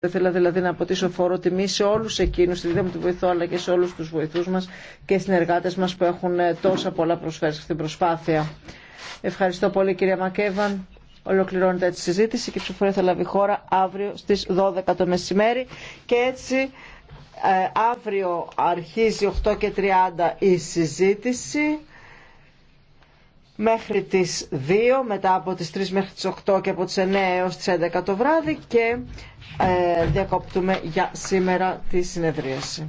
Θα ήθελα δηλαδή να αποτίσω φόρο τιμή σε όλου εκείνου, στη δίδα μου τη βοηθό, αλλά και σε όλου του βοηθού μα και συνεργάτε μα που έχουν ε, τόσα πολλά προσφέρει στην προσπάθεια. Ευχαριστώ πολύ, κυρία Μακέβαν. Ολοκληρώνεται έτσι η συζήτηση και η ψηφοφορία θα λάβει χώρα αύριο στι 12 το μεσημέρι. Και έτσι ε, αύριο αρχίζει 8.30 η συζήτηση μέχρι τις 2, μετά από τις 3 μέχρι τις 8 και από τις 9 έως τις 11 το βράδυ και ε, διακόπτουμε για σήμερα τη συνεδρίαση.